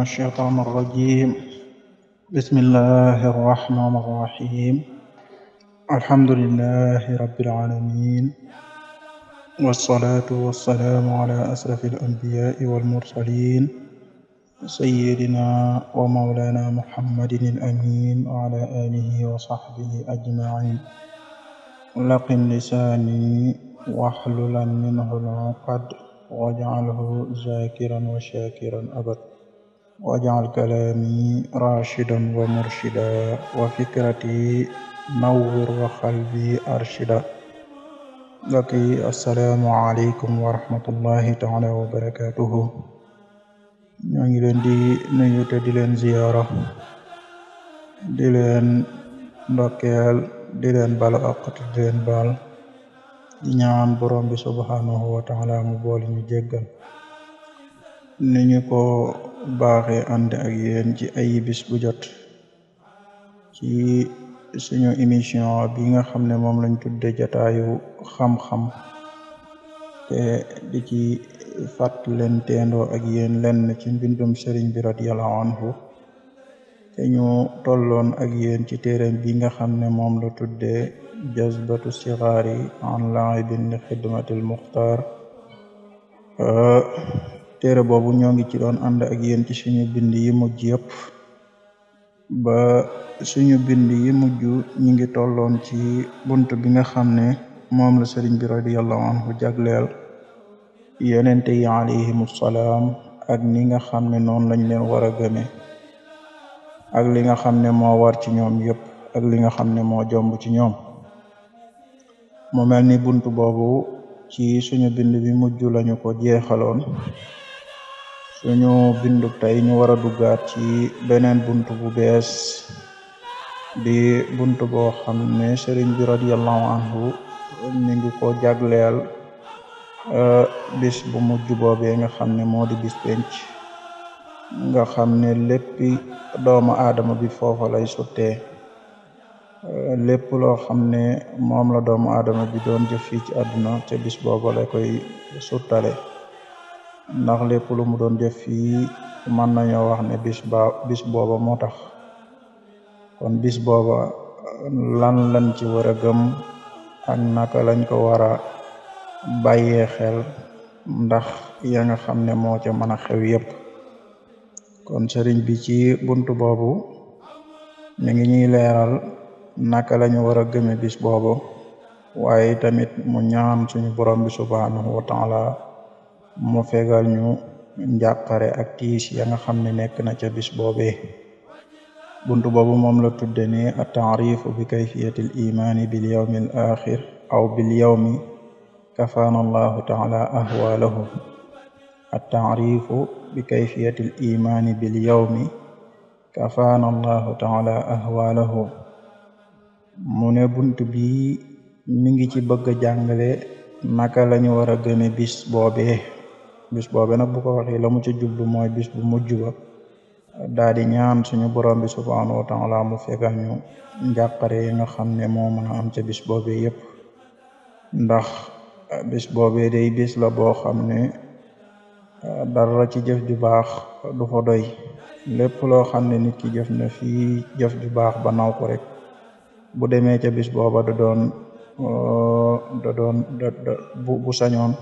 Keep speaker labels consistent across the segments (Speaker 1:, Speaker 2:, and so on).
Speaker 1: الشيطان الرجيم بسم الله الرحمن الرحيم الحمد لله رب العالمين والصلاة والسلام على أسرف الأنبياء والمرسلين sayyidina wa mawlaana muhammadin al-amiin wa alaa aalihi wa sahbihi ajma'iin. laqin lisaanii wahlul minhul uqad waj'alhu zaakiran wa shaakiran abadan. waj'al kalaamii raashidan wa murshidan wa fikratii nawwir wa qalbii arshidaa. mbokk yi, assalaamu aleykum wa rahmatullaahi ta'aalaa wa barakaatuh. ñoo ngi leen di nuyu te di leen ziyaara di leen ndokkeel di leen balu àq te di leen ñaan borom bi subhanahu wa taala mu boole ñu jéggal ni ñu ko baaxe ànd ak yéen ci ay bis bu jot ci suñu émission bi nga xam ne moom lañ tudde jataayu xam-xam te di ci fàttalen teendoo ak yéen lenn ci mbindum sëriñ bi radiyallahu anhu ñu tolloon ak yéen ci téereem bi nga xam ne moom la tudde jazbatu sigaari an laibin li xidmatil muxtaar téere boobu ñoo ngi ci doon ànd ak yéen ci suñu bind yi mujj yëpp ba suñu bind yi mujj ñi ngi tolloon ci bunt bi nga xam ne moom la sëriñ bi radiyallahu jagleel yonente yi alayhimu salaam ak ni nga xam ne noonu lañ leen war a gëme ak li nga xam ne moo war ci ñoom yëpp ak li nga xam ne moo jomb ci ñoom mu mel ni buntu boobu ci suñu bind bi mujj lañu ko jeexaloon suñu bindu tey ñu war a ci beneen bunt bu bees di bunt boo xam ne sëriñ bi radiyallahu anhu mi ngi ko jagleel Euh, bis bu mujj boobee nga xam ne moo di bis penc nga xam ne léppi doomu aadama bi foofa lay sottee euh, lépp loo xam ne moom la doomu aadama bi doon jëf fii ci àdduna te bis booba la koy suttale ndax lépp lu mu doon jëf fii mën nañoo wax ne bis ba bis booba moo tax kon bis booba lan lan ci war a gëm ak naka lañ ko war a bàyyee xel ndax ya nga xam ne moo ca mën a xew yépp kon sëriñ bi ci buntu boobu mi ngi ñuy leeral naka lañu war a gëme bis boobu waaye tamit mu ñaan suñu borom bi subhanahu wa taala mu fegal ñu njàqare ak tiis ya nga xam ne nekk na ca bis boobee bunt boobu moom la tudde ni a taarifu bi kayfiyatil imaani bil yawmil axir aw bil yawmi kafaana allahu taala ahwaalahu attaarifu bi kayfiyati alimaani bilyawmi kafaana allahu taala ahwaalahu mu ne bunt bi mi ngi ci bëgg a jàngale naka lañu war a gëme bis boobee bis boobee nag bu ko mu ci jublu mooy bis bu mujj ba daa ñaan suñu borom bi subhaanahu wa taala mu fegal ñu nga xam ne moo am ca bis boobee yépp ndax bis boobee day bis la boo xam ne euh, dara ci jëf ju baax du fa doy lépp loo xam ne nit ki jëf na fi jëf ju baax ba naw ko rek bu demee ca bis booba da doon euh, da doon da bu sañoon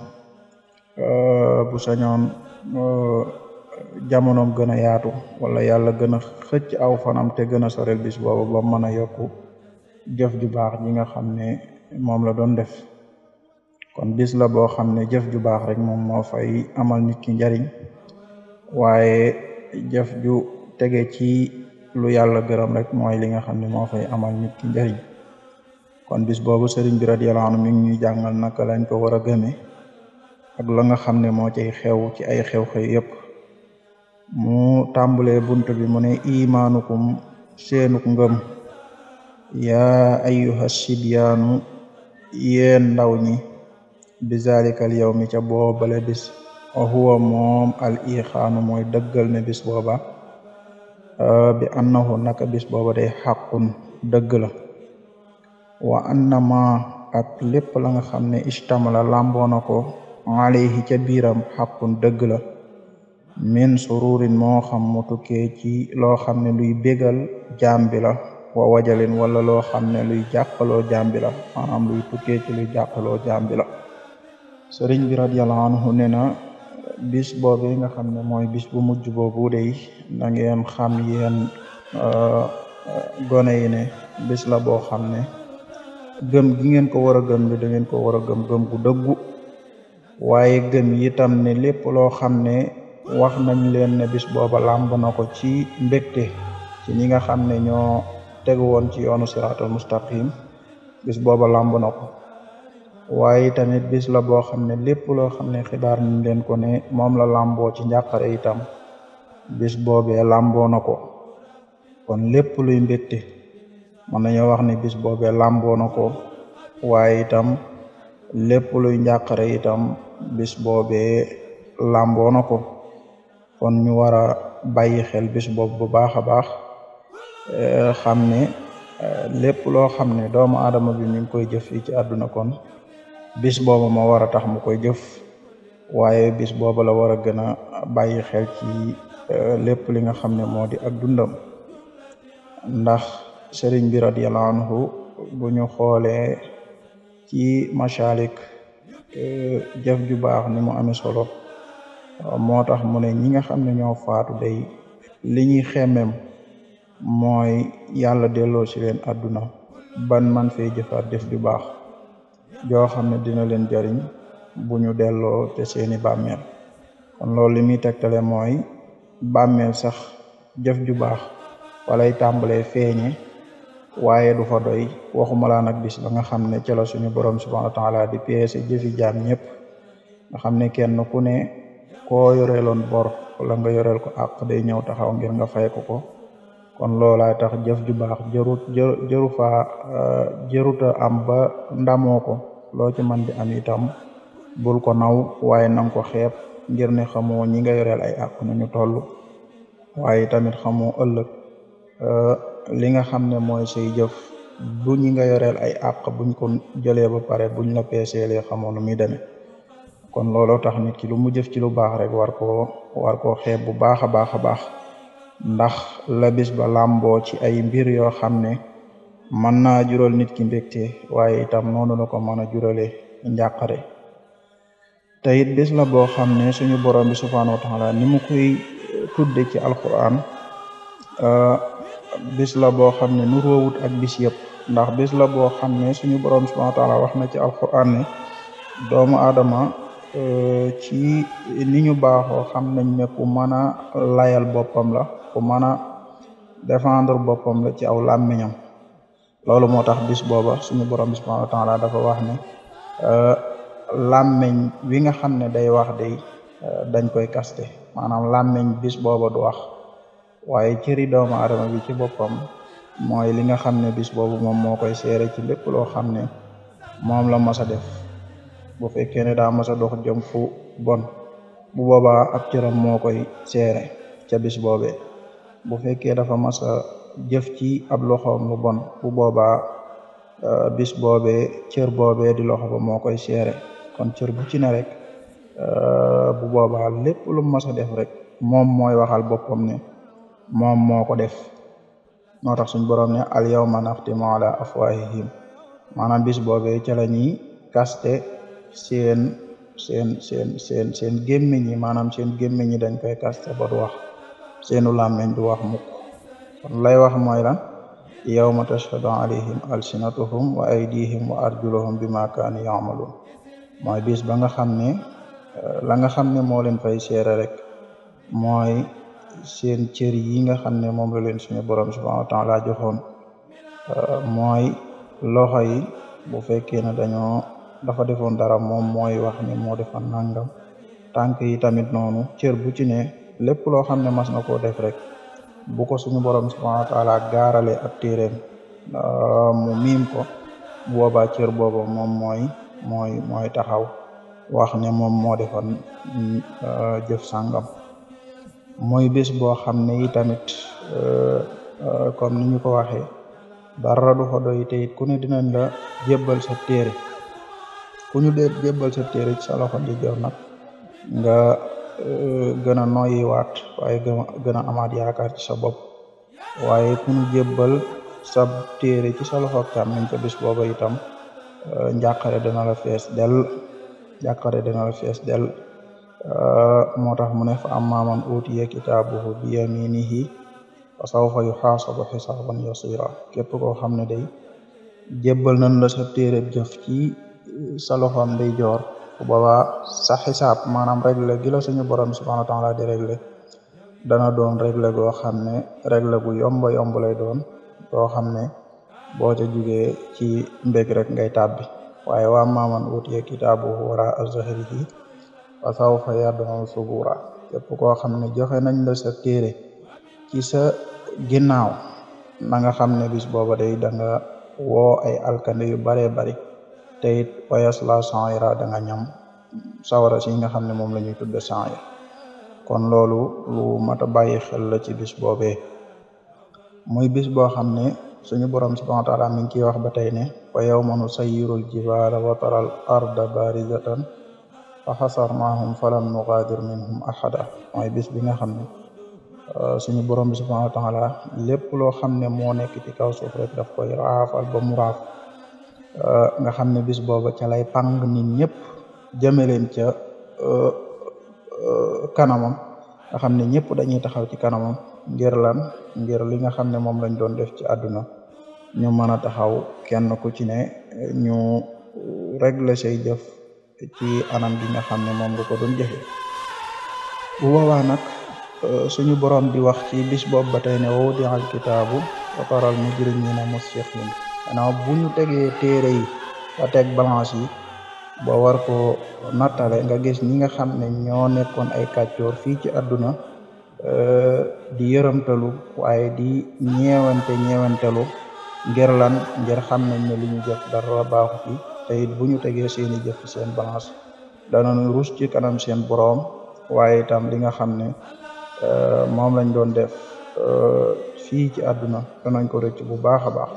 Speaker 1: euh, bu sañoon jamonom gën a yaatu wala yàlla gën a xëcc aw fanam te gën a sorel bis booba ba mën a yokku jëf ju baax ji nga xam ne moom la doon def kon bis la boo xam ne jëf ju baax rek moom moo fay amal nit ki njariñ waaye jëf ju tege ci lu yàlla gërëm rek mooy li nga xam ne moo fay amal nit njariñ kon bis boobu sëriñ bi radiyallahu anhu mi ngi ñuy jàngal naka lañ ko war a gëmee ak la nga xam ne moo cay xew ci ay xew-xew yépp mu tàmbulee bunt bi mu ne imaanukum seenuk ngëm ya ayyuha sibyaanu yéen ndaw ñi bizaalikal yow mi ca boobale bis wa huwa moom al ixaanu mooy dëggal ne bis booba euh, bi annahu naka bis booba day xaqun dëgg la wa annama ak lépp la nga xam ne istamala làmboo na ko alayhi ca biiram xaqun dëgg la min sururin moo xam mu ci loo xam ne luy bégal jaam bi la wa wajalin wala loo xam ne luy jàqaloo jaam bi luy tukkee ci luy jàqaloo jaam la sëriñ bi radiyallahu anhu ne na bis yi nga xam ne mooy bis bu mujj boobu day na ngeen xam yéen uh, gone yi ne bis la boo xam ne gëm gi ngeen ko war a gëm bi ko war a gëm gëm gu dëggu waaye gëm yitam ne lépp loo xam ne wax nañ leen ne bis booba làmb na ko ci mbégte ci ñi nga xam ne ñoo tegu woon ci yoonu siraatul mustaqim bis booba làmb na ko waaye tamit bis la boo xam ne lépp loo xam ne xibaar nañ leen ko ne moom la làmboo ci njàqare itam bis boobee làmboo na ko kon lépp luy mbétte mën nañoo wax ne bis boobee làmboo na ko waaye itam lépp luy njàqare itam bis boobee làmboo na ko kon ñu war a bàyyi xel bis boobu bu baax a baax eh, xam ne eh, lépp loo xam ne doomu aadama bi mi ngi koy jëf fii ci àdduna kon bis booba moo war a tax mu koy jëf waaye bis booba la war a gën a bàyyi xel ci euh, lépp li nga xam ne moo di ak dundam ndax sëriñ bi radiyallahu anhu bu ñu xoolee ci machalik euh, jëf ju baax ni mu amee solo moo tax mu ne ñi nga xam ne ñoo faatu day li ñuy xemmem mooy yàlla delloo ci leen àdduna ban man fee jëfaat def ju baax joo xam ne dina leen jariñ bu ñu delloo te seeni bàmmeel kon loolu li muy tegtale mooy bàmmeel sax jëf ju baax walay tàmbalee feeñe waaye du fa doy waxuma laa nag bis ba nga xam ne ci suñu borom subhanahu wa taala di peese jëfi jaam ñëpp nga xam ne kenn ku ne koo yoreeloon bor wala nga yoreel ko àq day ñëw taxaw ngir nga fay ko ko kon loolaa tax jëf ju baax jërut jëru fa jëruta am ba ndamoo ko loo ci man di am itam bul ko naw waaye nang ko xeeb ngir ne xamoo ñi nga yoreel ay àq nu ñu toll waaye tamit xamoo ëllëg euh, li nga xam ne mooy say jëf bu ñi nga yoreel ay àq buñ ko jëlee ba pare buñ la peeseelee xamoo nu muy demee kon looloo tax nit lu mu jëf ci lu baax rek war koo war koo xeeb bu baax a baax a baax ndax la bis ba làmboo ci ay mbir yoo xam ne mën naa jural nit ki mbégte waaye itam noonu la ko mën a jurale njàqare te it bés la boo xam ne suñu borom bi subhanahu wa taala ni mu koy eh, tudde ci alquran eh, bés la boo xam ne nu róowut ak bis yëpp ndax bés la boo xam ne suñu borom bi subhanahu taala wax na ci alquran ne doomu aadama eh, ci ni ñu baaxoo xam nañ ne ku mën a layal boppam la ku mën a défendre boppam la ci aw làmmiñam loolu moo tax bis booba suñu borom bi subhanahu wa taala dafa wax ne euh, làmmeñ wi nga xam ne day wax day euh, dañ koy kaste maanaam làmmeñ bis booba du wax waaye cëri doomu adama bi ci boppam mooy li nga xam ne bis boobu moom moo koy seere ci lépp loo xam ne moom la mos a def bo fekkee ne daa mos dox jëm fu bon bu boobaa ab cëram moo koy seere ca bis boobe bu fekkee dafa mos a jëf ci ab loxoom lu bon bu boobaa euh, bis boobee cër boobee di loxo moo koy seere kon cër bu ci ne rek euh, bu booba lépp lu mas def rek moom mooy waxal boppam ne moom moo ko def moo tax suñ borom ne al yawma naxtimu ala afwahihim maanaam bis boobee ca la ñuy kaste seen seen seen seen seen gémmiñ yi maanaam seen gémmiñ yi dañ koy kaste ba du wax seenu làmmeñ du wax mukk lay wax mooy lan yawma tashhadu alayhim alsinatuhum wa aydihim wa arjuluhum bima kaanu yamalun mooy bis ba nga xam ne euh, la nga xam ne moo leen fay seere rek mooy seen cër yi nga xam ne moom la leen suñu borom subhanahu temps taala joxoon euh, mooy loxo yi bu fekkee ne dañoo dafa defoon dara moom mooy wax ne moo defoon nangam tànk yi tamit noonu cër bu ci ne lépp loo xam ne mas na koo def rek bu ko suñu borom subhanahu wa taala gaarale ab téeréem euh, mu miim ko booba cër booba moom mooy mooy mooy taxaw wax ne moom moo defoon euh, jëf sàngam mooy bés boo xam ne i tamit euh, comme ni ñu ko waxee dara du xodo yi te it ne la jébbal sa téere ku ñu dee jébbal sa téere ci sa loxo di jox nag nga gën a noyyiwaat waaye gën amaat yaakaar ci sa bopp waaye ku nu jébbal téere ci sa loxo tam niñ ko booba itam euh, njàqare dana la fees del njàqare dana la fees del euh, moo tax mu ne fa ammaa man uutiya kitaabuhu bi yaminihi fa sawfa yuxaasabu xisaaban yasira képp koo xam ne day jébbal nañ la sa téere jëf ci euh, sa loxoom day joor bu boobaa sa xisaab maanaam réglé gi la suñu borom subhanahu wa taala di réglé dana doon réglé goo xam ne réglé gu yomba yomb lay doon goo xam ne boo ca jugee ci mbég rek ngay tàbbi waaye wa maaman utiya kitaabuhu wara azharihi wa sawfa yad'u subura képp koo xam ne joxe nañ la sa tere ci sa ginnaaw na nga xam ne bis booba de da nga ay alkande yu baree bari te it wayas la sha'ira da ñam sawara si nga xam ne moom lañuy ñuy tudd sha'ir kon loolu lu mat a bàyyi xel la ci bis boobee muy bis boo xam ne suñu borom subhanahu wa taala mi ngi ciy wax ba tey ne wa yawma nusayyirul jibaala wa taral arda barizatan fa xasarnaahum falam nugaadir minhum bis bi nga xam ne euh, suñu borom bi subhanahu wa lépp loo xam ne moo nekk ci kaw suuf rek daf koy raafal ba mu Euh, nga xam ne bis booba ca lay pang nit ñëpp jëme leen ca euh, euh, kanamam nga xam ne ñëpp dañuy taxaw ci kanamam ngir lan ngir li nga xam ne moom lañ doon def ci àdduna ñu mën a taxaw kenn ku ci ne ñu régle say jëf ci anam gi nga xam ne moom nga ko doon jëfe bu boobaa nag suñu borom di wax ci bis boobu ba tey ne wa wudi'al kitaabu wa taral mujrimiina mushfiqiina gannaaw bu tegee téere yi ba teg balance yi ba war ko nattale nga gis ñi nga xam ne ñoo nekkoon ay kàccoor fii ci àdduna eh, di yërëmtalu waaye di ñeewante ñeewantelu ngir lan ngir xam nañ ne li ñu jëf dara baaxu ci te it bu tegee seeni jëf seen balance danañu rus ci kanam seen boroom waaye itam li nga xam ne eh, moom lañ doon def eh, fii ci àdduna danañ ko rëcc bu baax a baax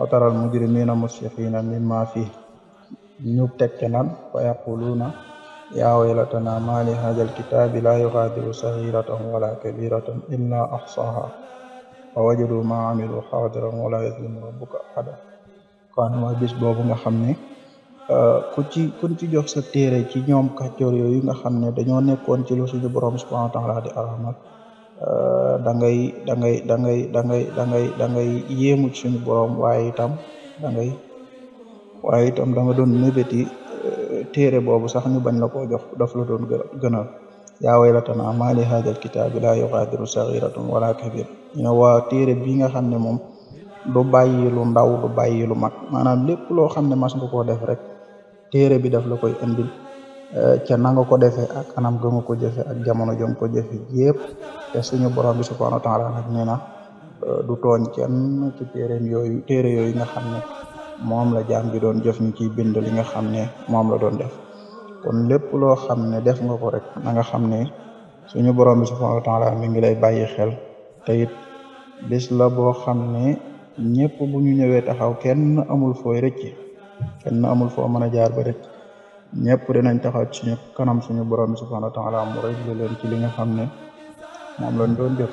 Speaker 1: fataral mujrimina mushfiqina mimma fi ñu tekke nan fa yaquluna yaa waylatana ma li hada alkitabi la yughadiru saghiratan wala kabiratan illa ahsaha wa wajadu ma amilu hadiran wala yadlimu rabbuka ahada kon mooy nga xam ne ku ci kun ci jox sa téere ci ñoom kàccoor yooyu nga xam ne dañoo nekkoon ci lu suñu borom subhanahu wa Euh, da ngay da ngay da ngay da ngay da ngay da ngay yéemu ci suñu borom waaye itam da waaye itam da doon mébét euh, téere boobu sax ñu bañ la koo jox daf la doon gënal yaa waylatanaa maa li haadal kitaabi laa yugaadiru saxiiratan wala kabiir ñu ne waa téere bi nga xam ne moom du bàyyi lu ndaw du bàyyi lu mag maanaam lépp loo xam ne mas nga koo def rek téere bi daf la koy andil Eh, ca na nga ko defee ak anam ga nga ko jëfe ak jamono jom ko jefe yépp te suñu borom bi subhanahu wa taala nag nee na eh, du tooñ kenn ci téeréem yooyu téere yooyu nga xam ne moom la jaam gi doon jëf ñu ci bind li nga xam ne moom la doon def kon lépp loo xam ne def nga ko rek na nga xam ne suñu borom bi subhanahu wa taala mi ngi lay bàyyi xel te it bis la boo xam ne ñëpp bu ñu ñëwee taxaw kenn amul fooy rëcc kenn amul foo mën a jaar ba rëcc ñëpp dinañ taxaw suñu kanam suñu borom bi subhanahu wa taala mu réglé leen ci li nga xam ne moom lañ doon jëf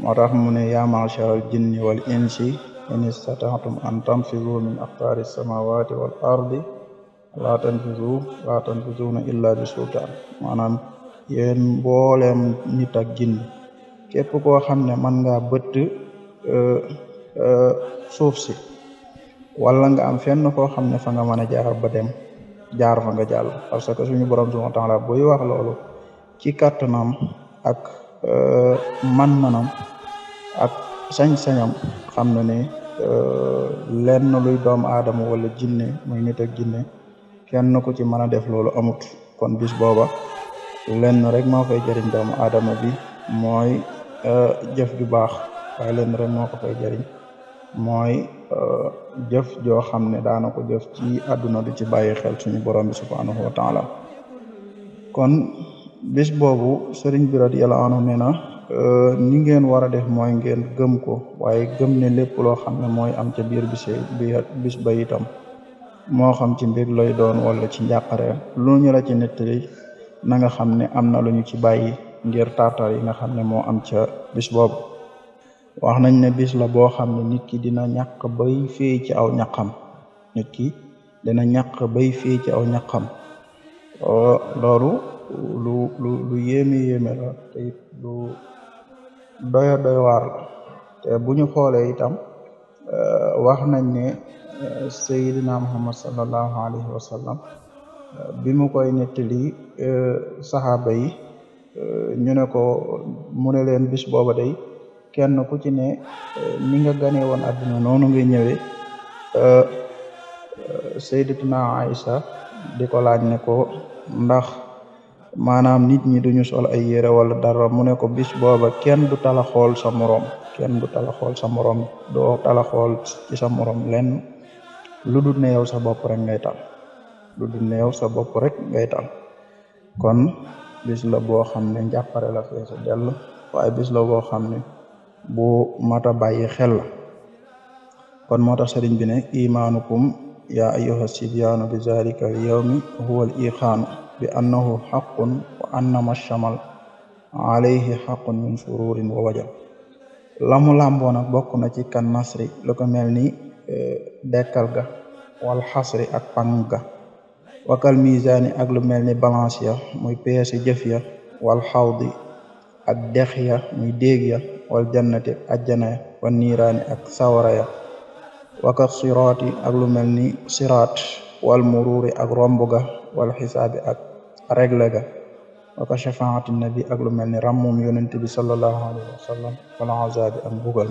Speaker 1: moo tax mu ne yaa ma'sharal jinni wal insi in istata'tum an tanfizu min aqtaari samawati wal ardi la tanfizu la tanfizuna illa bi sultaan maanaam yéen mbooleem nit ak jinni képp koo xam ne mën nga bëtt euh, euh, suuf si wala nga am fenn foo xam ne fa nga mën a jaar ba jaar fa nga jàll parce que suñu borom subhanahu wa taala buy wax loolu ci kattanam ak euh, man-manam ak sañ-sañam xam na ne euh, lenn luy doomu aadama wala jinne muy nit teg jinne kenn ku ci mën a def loolu amut kon bis booba lenn rek moo fay jëriñ doomu aadama bi mooy euh, jëf ju baax waaye lenn rek moo ko fay jëriñ mooy euh, jëf joo xam ne daanako ko jëf ci àdduna di ci bàyyi xel suñu borom bi subhanahu wa taala kon bis boobu sëriñ bi radiyallahu anhu nee na euh, ni ngeen war a def mooy ngeen gëm ko waaye gëm ne lépp loo xam ne mooy am ca biir bise bi bis ba itam moo xam ci mbir lay doon wala ci njàqare lu ñu la ci nettali na nga xam ne am na lu ñu ci bàyyi ngir tartar yi nga xam ne moo am ca bis boobu wax nañ ne bis la boo xam ne nit ki dina ñàq bay fee ci aw ñaqam nit ki dina ñàq bay fee ci aw ñaqam loolu lu lu lu yéeme yéeme la te lu doy doy te bu ñu xoolee itam e, wax nañ ne e, sayidina muhammad sallallahu alayhi wa sallam e, bi mu koy nettali saxaaba yi ñu ne ko mu ne leen bis booba day kenn ku ci ne eh, ni nga gane woon àdduna noonu nga ñëwee eh, sayyidatuna Aïsa di ko laaj ne ko ndax maanaam nit ñi duñu sol ay yére wala dara mu ne ko bis booba kenn du tala xool sa moroom kenn du tala xool sa moroom doo tala xool ci sa moroom lenn lu dul ne yow sa bopp rek ngay tal lu dul ne yow sa bopp rek ngay kon bis la boo xam ne njàppare la feesa dell waaye bis la boo xam ne bu mata bàyyi xel la kon moo tax sëriñ bi ne imaanukum yaa ayyuha sibyaanu bi zalika al yawmi huwa al iqaanu bi annahu xaqun wa annama shamal alayhi xaqun min sururin wa wajal lamu làmboo nag bokk na ci kan nasri lu ko mel ni eh, dekkal ga wal xasri ak pang wakal misaani ak lu mel ni balance ya muy peese jëf ya wal xawdi ak dex ya muy déeg ya wal jannati ak ajjana ya wa niiraani ak sawara ya waka siraati ak lu mel ni siraat wal muruuri ak romb ga wal xisaabi ak regle ga waka shafaati nabi ak lu mel ni ràmmum yonent bi sallallahu alayhi wa sallam wal azaabi ak bugal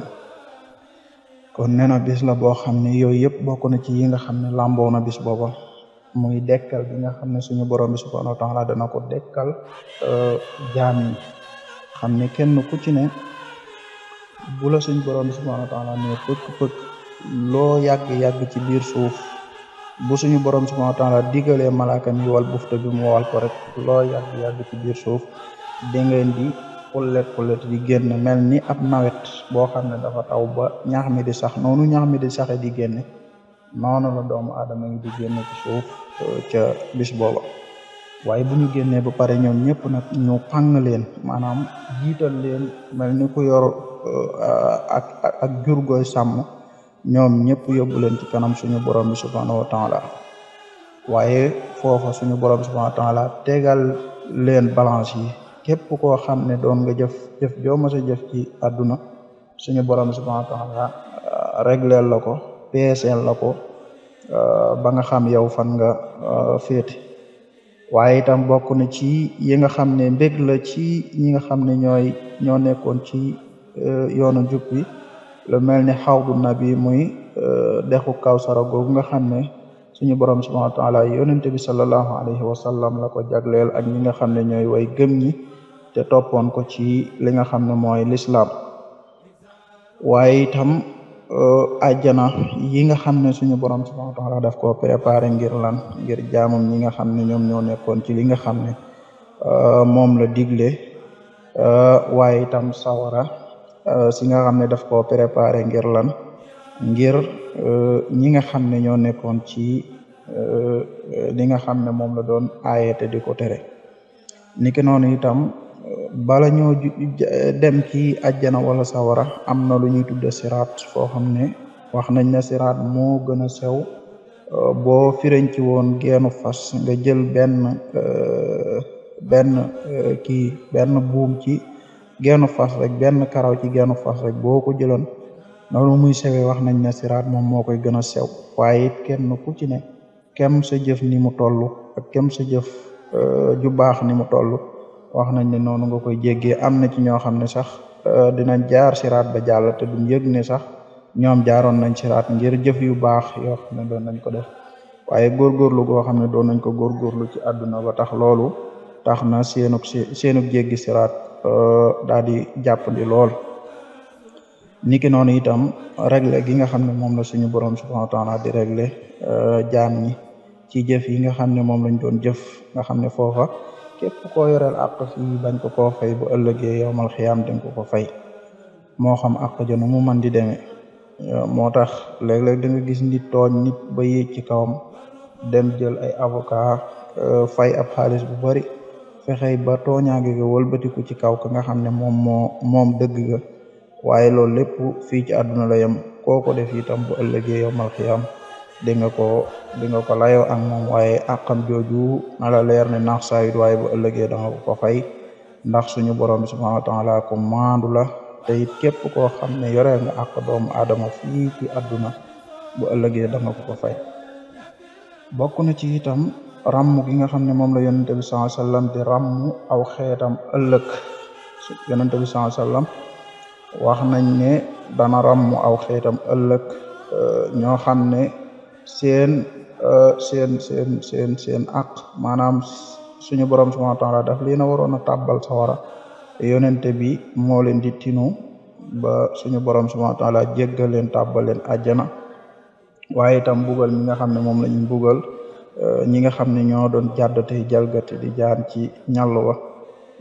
Speaker 1: kon nee na bis la boo xam ne yooyu yëpp bokk na ci yi nga xam ne làmboo na bis booba muy dekkal bi nga xam ne suñu borom bi subhanahu wa taala dana ko dekkal euh, jaam yi xam ne kenn ku ci bu la suñ borom bi subhaanahu wa taala ne loo yàgg-yàgg ci biir suuf bu suñu borom subhaanahu wa taala digalee malaaka mi wal bufta bi mu wal ko rek loo yàgg-yàgg ci biir suuf da ngeen di kullet kullet di génn mel ni ab nawet boo xam ne dafa taw ba ñax mi di sax noonu ñax mi di saxe di génne noonu la doomu aadama yi di génne ci suuf euh, ca bis booba waaye bu ñu génnee ba pare ñoom ñépp nag ñu pàng leen maanaam jiital leen mel ni ku yor ak euh, ak jur gooy sàmm ñoom ñëpp yóbbu leen ci kanam suñu borom bi subhanahu wa la waaye foofa suñu borom bi subhanahu wa taala tegal leen balance yi képp koo xam ne doon nga jëf jëf joo mës jëf ci àdduna suñu borom bi subhanahu wa euh, la ko peeseel la ko euh, ba nga xam yow fan nga féete waaye itam bokk na ci yi nga xam ne mbég la ci ñi nga xam ne ñooy ñoo nekkoon ci Eh, yoonu jub bi lu mel ni xawdu nabi muy kaw eh, kawsara googu nga xam ne suñu borom subhanahu wa taala yonente bi sallallahu alayhi wa sallam la ko jagleel ak ñi nga xam ne ñooy way gëm ñi te toppoon ko ci li nga xam ne mooy lislaam waaye itam eh, àjjana yi nga xam ne suñu borom subhanahu wa taala daf ko préparé ngir lan ngir jaamam ñi nga xam ne ñoom ñoo nekkoon ci li nga xam ne moom la digle waaye itam sawara Euh, si nga xam ne daf koo préparé ngir lan ngir euh, ñi nga xam ne ñoo nekkoon ci euh, li nga xam ne moom la doon aaye te di ko tere niki noonu itam bala ñoo dem ci ajjana wala sawara am na lu ñuy tudde siraat foo xam ne wax nañ ne siraat moo gën a sew boo fireñ ci woon geenu fas nga jël benn benn kii benn buum ci gennu fas rek benn karaw ci gennu fas rek boo ko jëloon noonu muy sewee wax nañ ne siraat moom moo koy gën a sew waaye it kenn ku ci ne kem sa jëf ni mu toll ak kem sa jëf euh, ju baax ni mu toll wax nañ ne noonu nga koy jéggee am na ci ñoo xam ne sax euh, dinañ jaar siraat ba jàll te duñ yëg ne sax ñoom jaaroon nañ siraat ngir jëf yu baax yoo xam ne doon nañ ko def waaye góorgóorlu goo xam ne doon nañ ko góorgóorlu ci àdduna ba tax loolu tax na seenug seenug jéggi siraat Euh, daal di jàppandi lool niki noonu itam régler gi nga xam ne moom la suñu borom subhanahu wa di régler euh, jaam ñi ci jëf yi nga xam ne moom lañ doon jëf nga xam ne foofa képp koo yoreel àq fii bañ ko koo fay bu ëllëge yowmal xiyaam dañ ko ko fay moo xam àq ja mu man di demee euh, moo tax léeg-léeg da gis nit tooñ nit ba yéeg ci kawam den jël ay avocat fay ab xaalis bu bari fexey ba tooñaange ga wëlbatiku ci kaw ka nga xam ne moom moo moom dëgg ga waaye loolu lépp fii ci àdduna la yem koo ko def itam bu ëllëgee yowmal xiyaam di nga ko di nga ko layoo ak moom waaye àqam jooju na la leer ne naax saayit waaye bu ëllëgee da nga ko fay ndax suñu borom bi subhanahu wa taala ko maandu la te it képp koo xam ne yore nga àq doomu aadama fii ci àdduna bu ëllëgee da fay bokk na ci itam ràmm gi nga xam ne moom la yonente bi sallallahu alayhi wasallam di ràmm aw xeetam ëllëg yonente bi sallallahu alayhi wasallam wax nañ ne dana ràmm aw xeetam ëllëg ñoo xam ne seen seen seen seen seen ak maanaam suñu borom subhanahu wa ta'ala daf lii na waroon a tàbbal sawara yonente bi moo leen di tinu ba suñu borom subhanahu a ta'ala jéggal leen tàbbal leen àjjana waaye itam bugal mi nga xam ne moom lañu bugal Euh, ñi nga xam ne ñoo doon jàdd tey jalgati di jaan ci ñàllu wa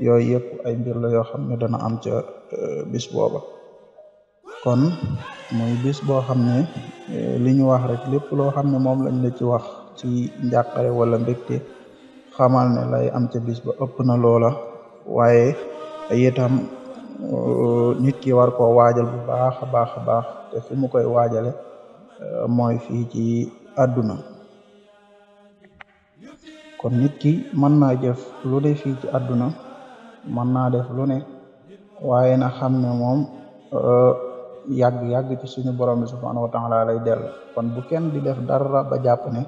Speaker 1: yooyu yëpp ay mbir la yoo xam ne dana am ca euh, bis booba kon muy bis boo xam ne euh, li ñu wax rek lépp loo xam ne moom lañ la ci wax ci njàqare wala mbégte xamal ne lay am ca bis ba ëpp na loola waaye itam nit ki war koo waajal bu baax a baax a baax te fi mu koy waajale mooy fii ci àdduna kon nit ki man naa jef lu ne fii ci àdduna mën naa def lu ne waaye na xam ne moom euh, yàgg yàgg ci suñu borom bi subhanahu wa taala lay dellu kon bu kenn di def dara ba jàpp ne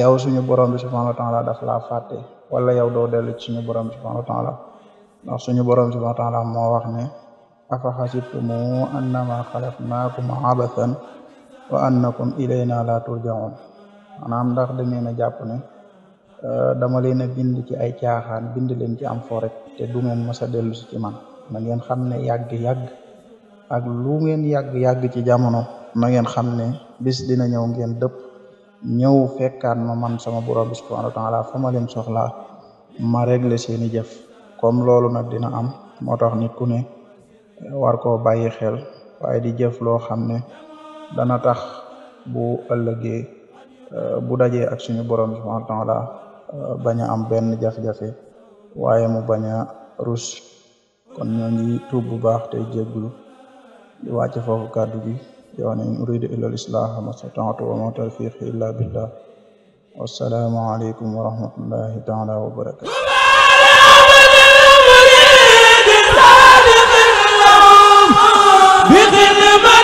Speaker 1: yow suñu borom bi subhanahu wa taala daf laa fàtte wala yow doo dellu ci suñu borom bi subhanahu wa taala ndax suñu borom bi subhanahu wa taala moo wax ne afa xasibtumu annama xalaqnaakum abathan wa annakum na la turjaun maanaam ndax da ngeen a jàpp ne Euh, dama leen a bind ci ay caaxaan bind leen ci am fo rek te du ngeen mës a ci man na ngeen xam ne yàgg-yàgg ak lu ngeen yàgg-yàgg ci jamono na ngeen xam ne bis dina ñëw ngeen dëpp ñëw fekkaat ma man sama borom bi subhanahu wa taala leen soxlaa ma réglé seeni jëf comme loolu nag dina am moo tax nit ku ne war koo bàyyi xel waaye di jëf loo xam ne dana tax bu ëllëgee euh, bu dajee ak suñu borom bi subhanahu wa taala Euh, bañ am benn jafe-jafe waaye mu bañ kon ñoo tuub baax tey jégglu di wàcc foofu kàddu gi di wax ne in uridu illal islaaha ma stata'tu wa ma tawfiqi illa billah wassalaamu aleykum wa rahmatullahi taala wa